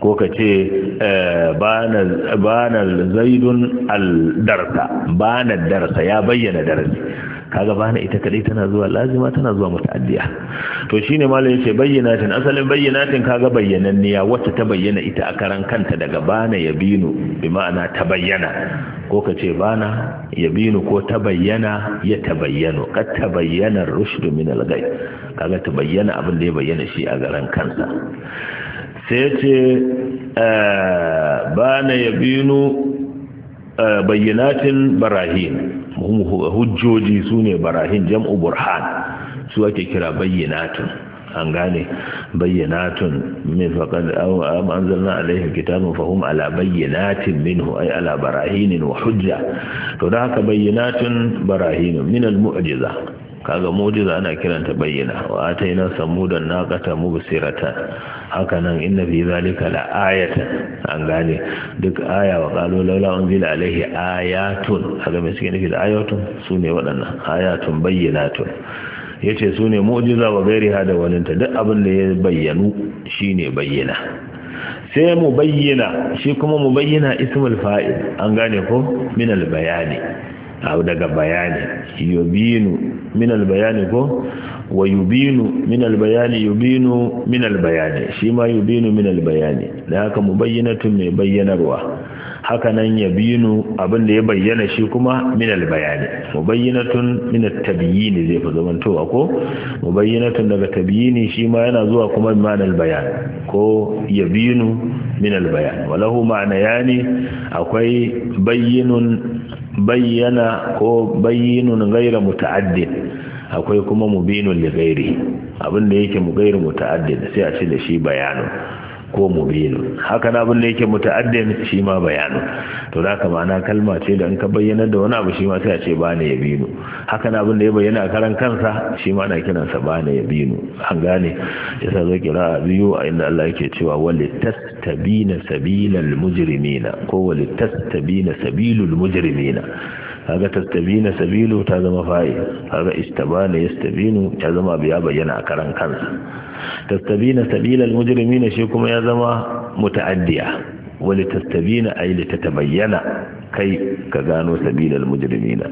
A: ko ka ce eh, bana zaidun aldarsa na darsa ya bayyana darasi kaga na ita kadai tana zuwa lazima tana zuwa mutaddiya to shine ce yace tun. asalin bayyinatin kaga bayyananniya wacce ta bayyana ita a karan kanta daga bana yabinu bi ma'ana ta bayyana ko ka ce bana yabinu ko ta bayyana ya ta Ka ta tabayyana rushdu min al-ghay kaga ta bayyana abin da ya bayyana shi a garan kansa sai ce eh, ba na yabinu eh, bayyanatin barahin hujjoji su ne barahin jam'u burhan su ake kira bayyanatin an gane bayyanatin min faqad aw anzalna alayhi kitaban fahum ala bayyinatin minhu ay ala barahinin wa hujja to da haka bayyanatin barahinin minal al mu'jiza kaga mujiza ana kiranta bayyana wa ataina samudan naqata haka hakanan inna fi zalika la ayatan an gane duk aya wa qalu laula unzila alaihi ayatun kaga me suke nufi da ayatun sune waɗannan ayatun bayyinatun yace sune mujiza wa gairiha da walinta, duk abin da ya bayyanu shine bayyana sai mu bayyana shi kuma mu bayyana ismul fa'il an gane ko min al bayani abu daga bayani yubinu min albayani ko wa yubinu min albayani yubinu min albayani shi ma yubinu min albayani da haka mubayyinatun mai bayyanarwa haka nan yabinu abin da ya bayyana shi kuma min albayani mubayyinatun min at-tabyin zai fa zamantowa ko mubayyinatun daga tabyini shi ma yana zuwa kuma min albayan ko yabinu min albayan walahu ma'ana akwai bayyinun bayyana ko bayyinun gaira muta'addin akwai kuma mubinun da gairi abin da yake mu gairi muta'addin sai a ce da shi bayanin ko mubinu haka na abin da yake muta'addin shi ma bayanu to da haka ma'ana kalma ce da in ka bayyana da wani abu shi ma sai a ce bana ya binu haka na abin da ya bayyana karan kansa shi ma na kiransa bana ya binu an gane yasa zai kira biyu a inda Allah yake cewa wali tastabina sabilal mujrimina ko wali tastabina sabilul mujrimina kaga tastabina sabilu ta zama fa'il kaga istabana yastabinu ya zama biya bayyana a karan kansa tastabina sabila almujrimina shi kuma ya zama muta'addiya wali tastabina ay li tatabayyana kai ka gano sabila almujrimina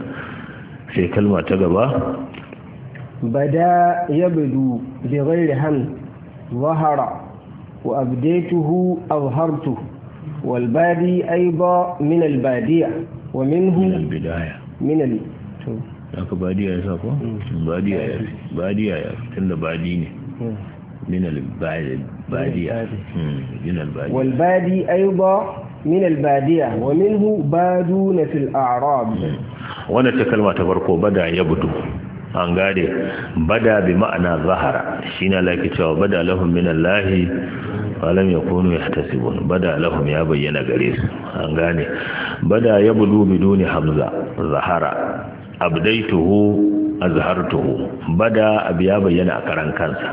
A: sai kalma ta gaba
B: bada yabdu bi ghairi ham ظهر وأبديته أظهرته والبادي أيضا من البادية wa minhu min
A: al-bidaya min al to haka badiya ya sako mm. badiya ya badiya ya tunda badi ne mm. min al-badiya min al-badiya mm, wal badi an gade bada bi ma'ana zahara shine na yake cewa bada lahum min Allah malam ya kunu ya tasibun bada lahum ya bayyana gare su an gane bada ya budu biduni hamza zahara abdaituhu azhartuhu bada abu ya bayyana a karan kansa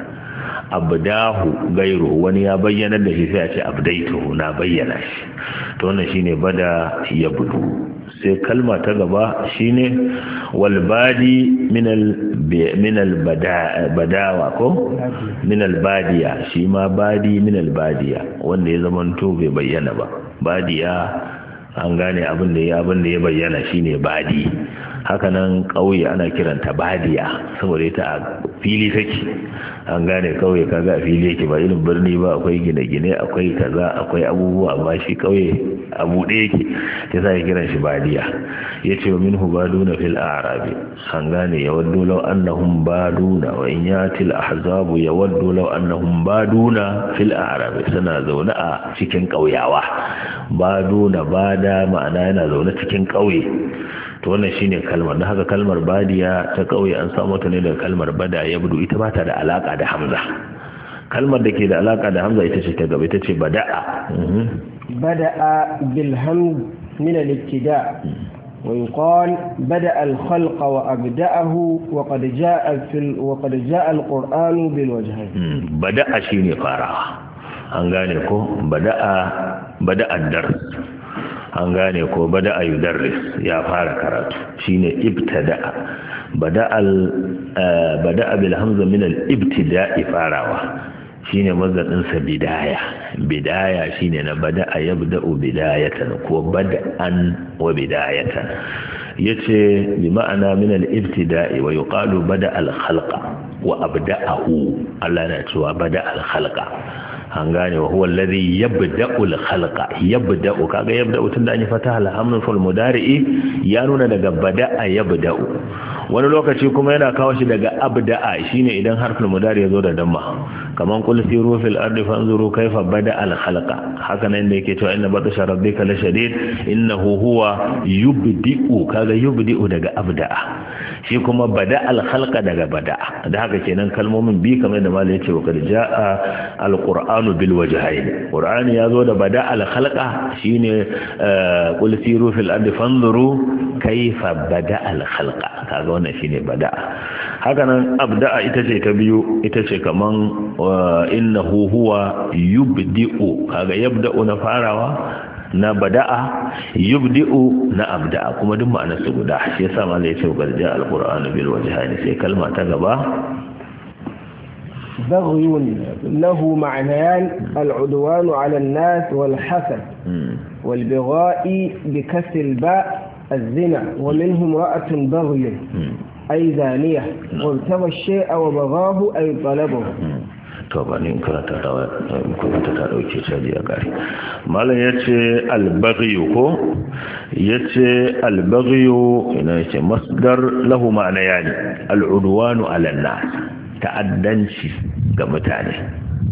A: abdahu gairu wani ya bayyana da shi sai a ce abdaituhu na bayyana shi to wannan shine bada ya budu sai kalma ta gaba shine walbadi minal badawa ko minal badiya shi ma badi minal badiya wanda ya zamanto bai bayyana ba badiya an gane abin da ya abin ya bayyana shine badi hakanan ƙauye ana kiranta badiya saboda ita a fili take an gane kauye kaga a fili yake ba irin birni ba akwai gine-gine akwai kaza akwai abubuwa amma shi kauye a buɗe yake ya sa kiran shi badiya ya ce wa ba duna fil a'rabi an gane ya waddu law annahum duna wa in yatil ahzabu ya waddu law annahum duna fil a'rabi suna zaune a cikin kauyawa ba da ma'ana yana zaune cikin kauye to wannan shine kalmar don haka kalmar badiya ta kauye an samu ta ne daga kalmar bada ya budu ita ba ta da alaka da hamza kalmar da ke da alaka da hamza ita ce ta gaba ita ce bada'a mhm.
B: bada'a bil hamd min al-ibtida wa yuqal bada al-khalq wa abda'ahu wa qad ja'a fil wa qad ja'a al-qur'an bil wajhayn hmm.
A: bada'a shine farawa an gane ko bada'a bada'a dar an gane ko bada a yudarris ya fara karatu shine ibtada'a bada eh, abil hamza min al ibtida'i farawa shine mazadin sa bidaya bidaya shine na bada a yabda'u bidayatan ko bada'an wa bidayatan yace bi ma'ana min al ibtida'i wa yuqalu bada al khalqa wa abda'ahu Allah na cewa bada al khalqa an gane wa huwa alladhi yabda'u al-khalqa yabda'u kaga yabda'u tunda an yi fataha al-hamdu fil mudari'i ya nuna daga bada'a yabda'u wani lokaci kuma yana kawo shi daga abda'a shine idan harfin mudari ya zo da damma kaman qul siru fil ardi fanzuru kayfa bada al khalqa haka nan da yake cewa inna batsha rabbika la shadid innahu huwa yubdi'u kaga yubdi'u daga abda'a shi kuma bada al khalqa daga bada'a da haka kenan kalmomin bi kamar da malai yace wa kad jaa al qur'anu bil wajhayn qur'ani yazo da bada al khalqa shine eh, qul siru fil ardi fanzuru kayfa bada al khalqa kaga wannan shine bada'a haka nan abda'a ita ce ta biyu ita ce kaman وإنه هو يبدئ هذا يبدأ نفارا نبدأ يبدئ نأبدأ كما دم أن السجود أحسي سما ليس وقد جاء القرآن بالوجهين في كلمة تقبى
B: بغي له معنيان العدوان على الناس والحسد والبغاء بكس الباء الزنا ومنه امرأة بغي أي زانية قلتها نعم. الشيء وبغاه أي طلبه
A: to ba ne karanta ta dauke caji a gari malam ya ce albaghiyu ko ya ce albaghiyu ina ya ce masdar lahu ma'ana yani al'udwanu alanna ta'addanci ga mutane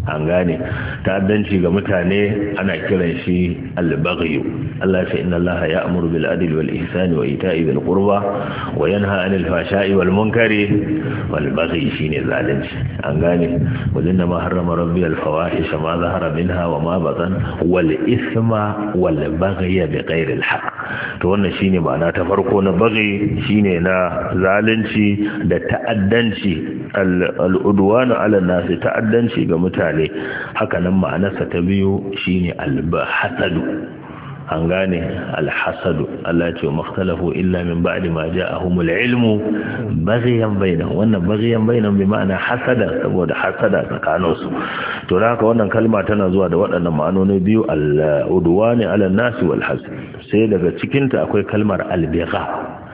A: an gane ta'addanci ga mutane ana kiran shi al-baghyu Allah ya ce inna Allah ya'muru bil adli wal ihsani wa ita'i bil qurba wa yanha 'anil fahsha'i wal munkari wal baghi shine zalunci an gane wajen da ma rabbi al fawahish ma zahara minha wa ma batan wal isma wal baghy bi ghairi al haqq to wannan shine ma'ana ta farko na baghi shine na zalunci da ta'addanci al-udwan ala nasi ta'addanci ga mutane hakanan ma'anarsa ta biyu shine albahasadu an gane alhasadu Allah ce makhtalafu illa min ba'di ma ja'ahumul ilmu bai bainahum wannan baghiyan bainahum bi ma'ana hasada saboda hasada tsakaninsu su haka wannan kalma tana zuwa da waɗannan ma'anoni biyu al ne ala nasi sai daga cikinta akwai kalmar albigha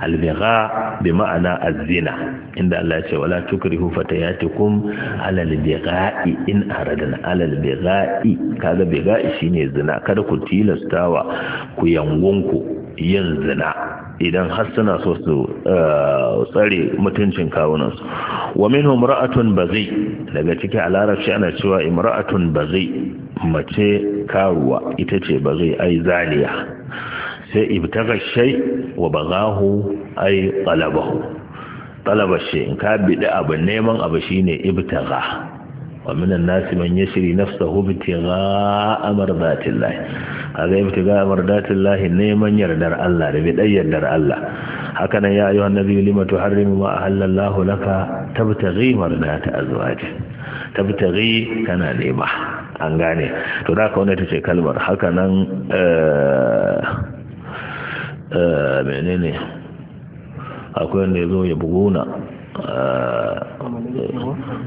A: albigha bi ma'ana azina inda Allah ya ce wala tukrihu fatayatikum ala kum in aradna ala al kaga bigha'i shine zina kada ku tilastawa ku yangunku yin zina idan har suna so su eh, tsare mutuncin kawunan su. wa minhum ra'atun bazai daga ciki a ana cewa imra'atun bazai mace karuwa ita ce bazai ai zaliya sai ibtaka shai wa bagahu ai talabahu talaba shay in ka bidi abu neman abu shine ibtaga wa minan nasi man yashri nafsahu ibtigha amr zatillah kaga amr zatillah neman yardar Allah da bidai yardar Allah haka nan ya ayyuhan nabi lima tuharrimu ma ahallallahu laka tabtaghi mardata azwaji tabtaghi kana nema an gane to da ka wanda tace kalmar haka nan eh Eh, menene akwai wanda ya zo ya buguna eh,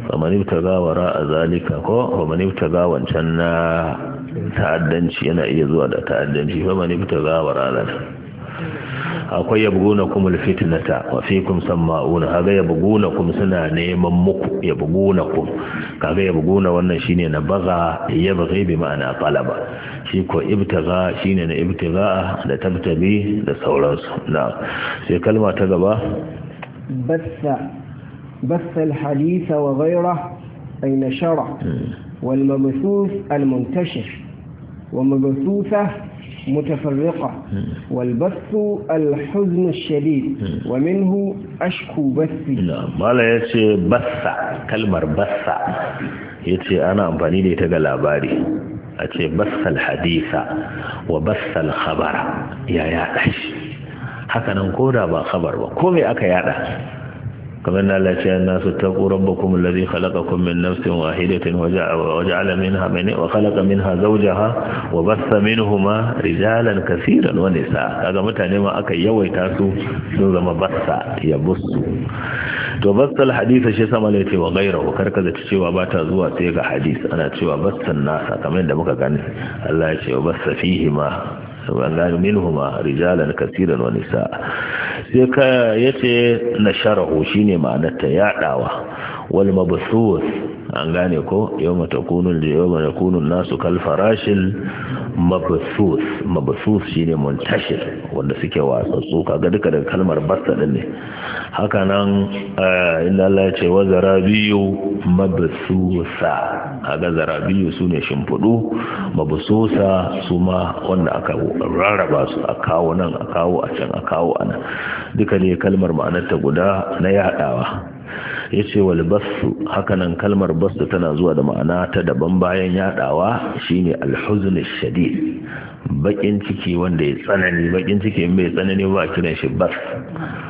A: a manifta gawara a zalika ko a manifta gawancan na ta'addanci yana iya zuwa da ta'addanci ba manifta gawara na akwai yabguna kumul fitnata wa fikum sama'una kaga yabguna kum suna neman muku yabguna kum kaga yabguna wannan shine na baga yabghi bi ma'ana talaba shi ko ibtiga shine na ibtiga da tabtabi da sauransu na sai kalma ta gaba
B: bassa bassa al-hadith wa ghayra ay nashara hmm. wal mabthus al-muntashir wa mabthusa متفرقة والبث الحزن الشديد ومنه أشكو بثي نعم
A: ما لا يتي بث كلمة بث يتي أنا أمباني دي تقلع باري أتي بث الحديث وبث الخبر يا يا هكذا نقول ba khabar ba komai aka yada kamar na lalace nasu ta ƙuran ba kuma halaka kun nafsin wahidatin waje alamin ha mai wa halaka min ha zauja ha wa basta min huma rijalan kasiran wani sa kaga mutane ma aka yawaita su sun zama basta ya busu to basta hadisa shi sama ne ce wa gaira wa karkaza ta cewa ba ta zuwa sai ga hadis ana cewa basta nasa kamar yadda muka gani Allah ya ce wa basta fihi ma an minhuma rijalan kasiran wa nisa sai ka yace nasharahu shine ma'anar ta yadawa wal mabthuth an gane ko yawma takunu yawma yakunu nasu kal farashil mabthuth mabthuth shine muntashir wanda suke watsatsu kaga duka daga kalmar basta din ne haka nan eh, inda Allah ya ce wa zarabiyu mabthusa kaga zarabiyu sune shimfudu mabthusa su ma wanda aka rarraba su a kawo nan a kawo a can a kawo ana duka ne kalmar ma'anar ta guda na yadawa ya ce wal basu hakanan kalmar basu tana zuwa da ma'ana ta daban bayan yadawa shine alhuzun shadid bakin ciki wanda ya tsanani bakin ciki mai tsanani ba kiran shi bas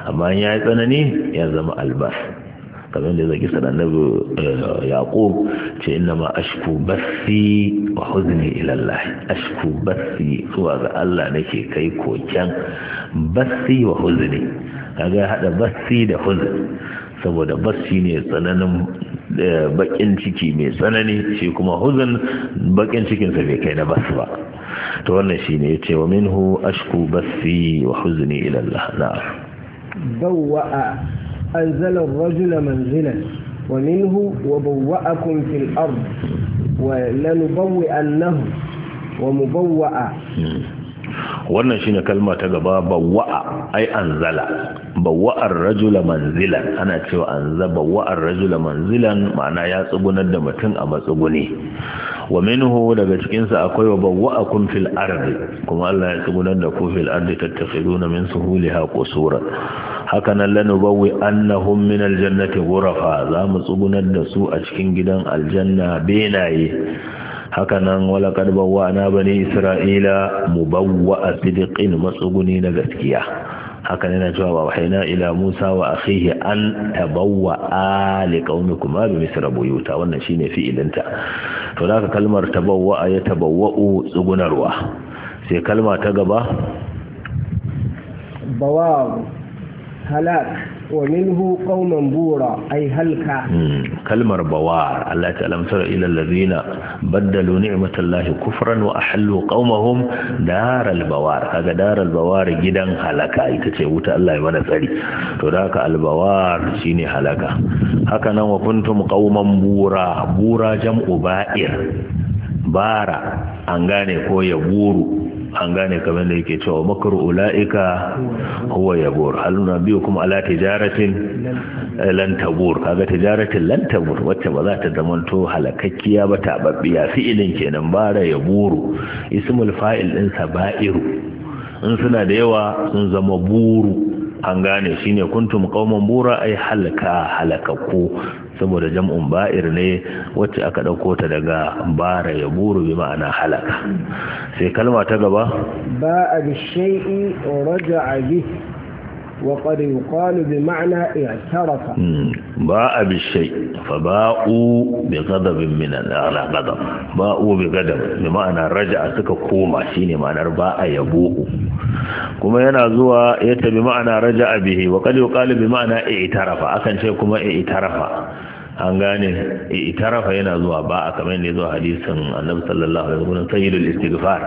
A: amma ya yi tsanani ya zama albas kamar da zaki sanar da eh, yaqub ce inna ma ashku basi wa huzni ila allah ashku basi zuwa ga allah nake kai koken basi wa huzni kaga hada basi da huzni saboda basi ne tsananin eh, bakin ciki mai tsanani shi kuma huzun bakin cikinsa bai kai na bas ba Ta wannan shi ne ya ce wa minhu ashku basi wa huzni ila Allah na'am
B: bawwa'a anzala ar-rajula manzilan wa minhu wa bawwa'akum fil ard wa annahu. wa mubawwa'a
A: hmm. wannan shine kalma ta gaba bawa'a ai anzala bawa'ar rajula manzilan ana cewa anza bawa'ar rajula manzilan ma'ana ya tsugunar da mutum a matsuguni wa minhu daga cikinsa akwai wa kun fil ardi kuma Allah ya tsugunar da ku fil ardi tattakhiduna min suhuliha qusura haka nan lanubawwi annahum min aljannati ghurafa za mu tsugunar da su a cikin gidan aljanna benaye hakanan walakad bawwa na bani isra'ila mubawwa sidqin matsuguni na gaskiya haka yana cewa wa haina ila Musa wa akhihi an tabawwa ali qaumikum bi misra buyuta wannan shine fi'ilinta to da kalmar tabawwa ya tabawwa'u tsugunarwa sai kalma ta gaba
B: bawa halak wa minhu qauman bura ay halka
A: hmm, kalmar bawar Allah ta'ala amsara ila alladhina baddalu ni'matallahi kufran wa ahallu qaumahum daral bawar kaga daral bawar gidan halaka ita ce wuta Allah ya mana tsari to da haka al bawar shine halaka haka nan wa kuntum qauman bura bura jam'u ba'ir bara an gane ko ya buru an gane kamar da yake cewa makar ula'ika huwa yabur haluna biyu kuma ala tijaratin lan tabur kaga tijaratin lan tabur wacce ba za ta zamanto halakakkiya ba ta fi fi'ilin kenan bara yaburu ismul fa'il din sa ba'iru in suna da yawa sun zama buru an gane shine kuntum kauman bura ai halaka halakakku saboda jam'un ba'ir ne wacce aka ɗauko ta daga bara ya buru bi ma'ana halaka sai kalma ta gaba
B: ba'a bi shay'i raja'a bi وقد يقال بمعنى اعترف
A: باء بالشيء فباءوا بغضب من على غضب باءوا بغضب بمعنى رجع suka koma shine ma'anar ba'a yabo kuma yana zuwa yace bi ma'ana raja'a bihi wa qad bi ma'ana i'tarafa akan ce kuma tarafa. an gane e, itarafa yana zuwa ba a kamar ne zuwa hadisin annabi sallallahu alaihi wasallam sayyidul istighfar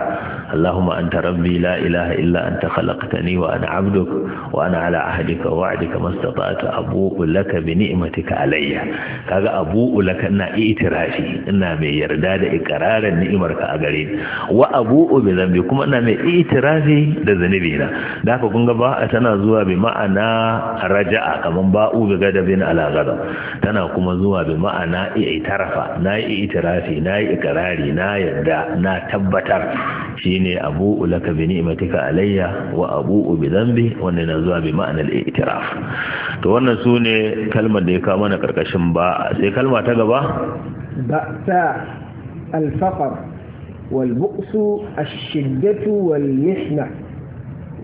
A: allahumma anta rabbi la ilaha illa anta khalaqtani wa ana abduk wa ana ala ahdika wa wa'dika mastata'tu abu'u laka bi ni'matika alayya kaga abu'u laka ina itirafi ina mai yarda da ikrarin ni'imarka a gare ni wa abu'u bi zambi kuma ina mai itirafi da zanubi na da haka kun ga ba tana zuwa bi ma'ana raja'a kamar ba'u bi gadabin ala ghadab tana kuma zuwa bi ma'ana iya itarafa na yi itirafi na yi ikirari, na yarda na tabbatar shine abu'u laka bi ni'matika alayya wa abu'u bi dhanbi na zuwa bi ma'ana al-i'tiraf to wannan sune kalmar da ya kawo mana karkashin ba sai kalma ta gaba
B: ba'sa al-faqr والبؤس الشدة والمحنة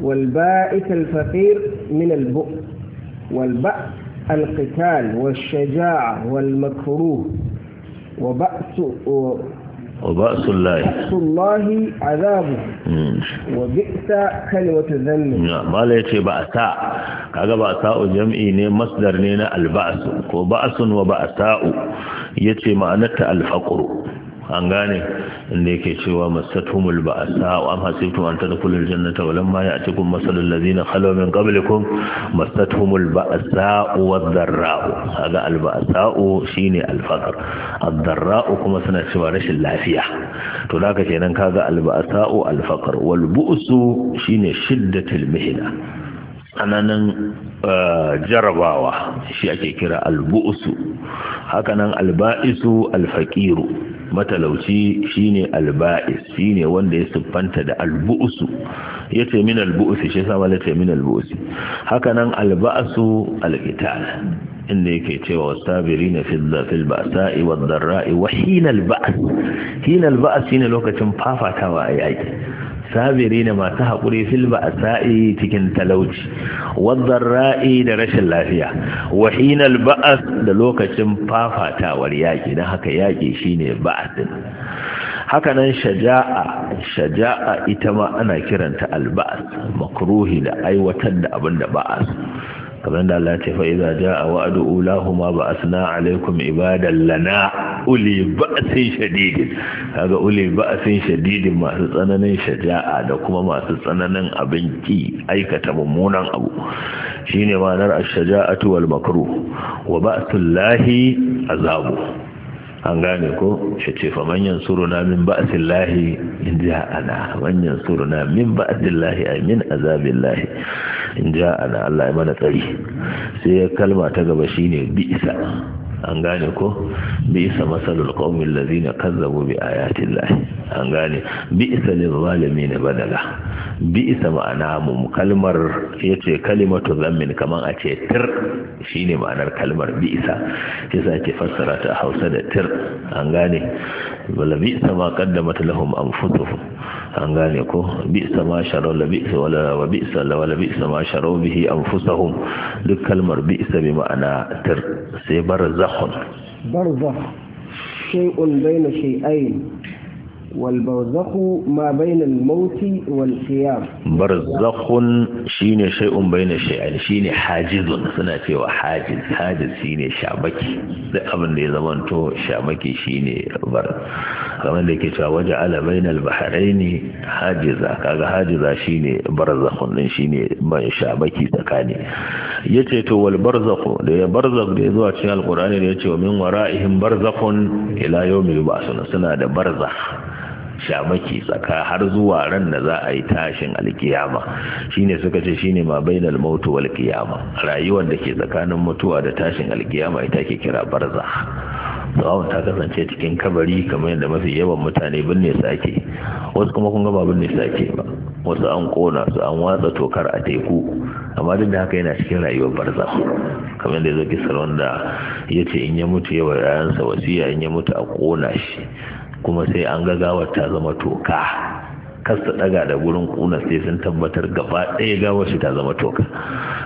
B: والبائس الفقير من البؤس والبأس القتال والشجاعة والمكروه وبأس
A: وبأس الله بأس
B: الله عذابه وبئس كلمة الذنب نعم ما
A: لا بأساء هذا بأساء جمعي مصدر لنا البأس وبأس وبأساء يتي معنى الفقر an gane inda yake cewa masatumul ba'sa wa am hasibtum an tadkhulul jannata wa lamma ya'tikum masalul ladina khalaw min qablikum masatumul ba'sa wadh-dharra'u kaga al-ba'sa'u shine al-faqr ad-dharra'u kuma suna cewa rashin lafiya to zaka kenan kaga al-ba'sa'u al-faqr wal bu'su shine shiddatul mihna tsananin eh, jarabawa shi ake kira albu'usu hakanan alba'isu alfaƙiru matalauci shine alba'is shine wanda ya siffanta da albu'usu ya ce min albu'usu shi sama da ce min albu'usu hakanan alba'asu alba'su inda yake cewa wasabirina fil fil ba'sa'i wad zarra'i wa hinal alba'as hinal alba'as shine lokacin fafatawa a yaki sabirina masu haƙuri filba a sa'i cikin talauci waddan ra'i da rashin lafiya wahinal ba'as da lokacin fafatawar yaƙi don haka yaƙi shine ba'asin hakanan shaja'a shaja'a ita ma ana kiranta alba'as makruhi da aiwatar da abin da ba'as kamar da Allah ce fa'iza ja a wa'adu ulahuma ba a alaikum ibadan lana uli ba'asin shadidin kaga uli ba'asin shadidin masu tsananin shaja'a da kuma masu tsananin abinci aikata mummunan abu shine ma'anar ash-shaja'atu wal makruh wa basullahi lahi azabu an gane ko shi ce fa manyan suruna min ba'atin lahi in ja ana manyan suruna min ba'atin lahi min azabin lahi in ja ana Allah ya mana tsari sai kalma ta gaba shine bi'isa an gane ko bi isa masalul qaumin ladina kazzabu bi ayati llahi an gane bi isa lil zalimin badala bi isa ma'ana mu kalmar yace kalimatu zammin kaman a ce tir shine ma'anar kalmar bi isa yasa ke fassara ta Hausa da tir an gane wala bi isa ma qaddamat lahum anfusuhum an gane ko bi'sa ma sharau la bi'sa wala wa bi'sa la wala bi'sa ma sharau bihi anfusahum duk kalmar bi'sa bi ma'ana tir sai barzakhun
B: barzakh shay'un bayna shay'ain والبرزخ ما بين الموت والقيام
A: برزخ شيني شيء بين شيئين شيني حاجز سنة cewa hajiz hajiz shine shabaki duk abin da ya zama shabaki shine bar kamar da yake cewa waje ala bainal baharaini hajiza kaga hajiza shine barzakhun din shine mai shabaki tsakani yace to wal barzakh da ya barzakh da zuwa cikin alqur'ani da yace wa min wara'ihim barzakhun ila yawmi yub'asun suna da barzakh shamaki tsaka har zuwa ran da za a yi tashin alkiyama shine suka ce shine ma bainal maut wal qiyama rayuwar da ke tsakanin mutuwa da tashin alkiyama ita ke kira barza a ta kasance cikin kabari kamar yadda mafi yawan mutane binne su ake wasu kuma kun gaba binne su ake ba wasu an kona su an watsa tokar a teku amma duk da haka yana cikin rayuwar barza kamar yadda ya zo kisar wanda ya ce in ya mutu yawan yayansa wasiya in ya mutu a kona shi kuma sai an ga gawar ta zama toka kasta daga da gurin kuna sai sun tabbatar gaba ɗaya gawar shi ta zama toka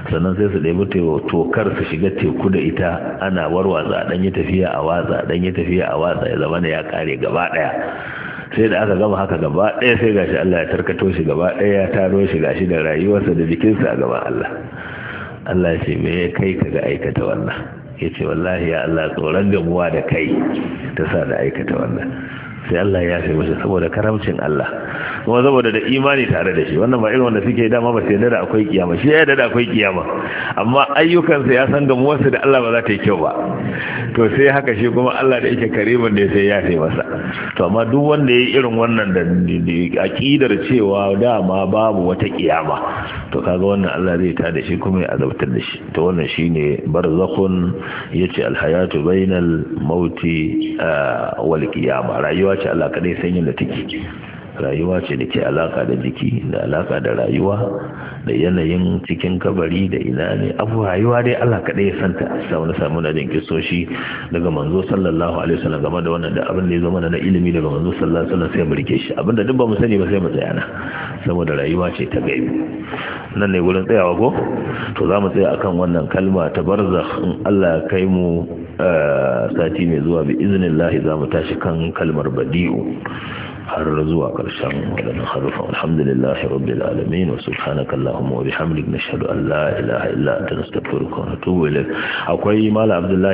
A: sannan sai su mutu tokar su shiga teku da ita ana warwatsa dan yi tafiya a watsa dan yi tafiya a watsa ya zama ya kare gaba ɗaya sai da aka gama haka gaba ɗaya sai gashi Allah ya tarkato shi gaba ɗaya ya taro shi gashi da rayuwarsa da jikinsa a gaban Allah Allah ya ce me ya kai ka ga aikata wannan ya ce wallahi ya Allah tsoron gamuwa da kai ta sa da aikata wannan sai Allah ya yafe masa saboda karamcin Allah kuma saboda da imani tare da shi wannan ba irin wanda suke dama ba sai da akwai kiyama shi ya da akwai kiyama amma ayyukansa ya san gamuwarsa da Allah ba za ta yi kyau ba to sai haka shi kuma Allah da yake kariman da sai ya sai masa to amma duk wanda yayi irin wannan da akidar cewa dama babu wata kiyama to kaga wannan Allah zai ta da shi kuma ya azabtar da shi to wannan shine barzakhun yace alhayatu bainal mauti ah, wal kiyama rayuwa ce Allah kadai san da take rayuwa ce da ke alaka da jiki da alaka da rayuwa da yanayin cikin kabari da ina ne abu rayuwa dai Allah kaɗai ya santa sa wani samu na jin kisoshi daga manzo sallallahu alaihi wasallam game da wannan da abin da ya zama na ilimi daga manzo sallallahu alaihi wasallam sai mu rike shi abinda duk ba mu sani ba sai mu tsaya na saboda rayuwa ce ta gaibi nan ne gurin tsayawa ko to za mu tsaya akan wannan kalma ta barzakh in Allah ya kai mu eh, sati mai zuwa bi iznillahi za mu tashi kan kalmar badi'u har zuwa ƙarshen waɗannan harufan alhamdulillah rabbil alamin wa subhanaka allahumma wa bihamdik nashhadu an la ilaha illa anta nastaghfiruka wa natubu ilaik akwai mala abdullahi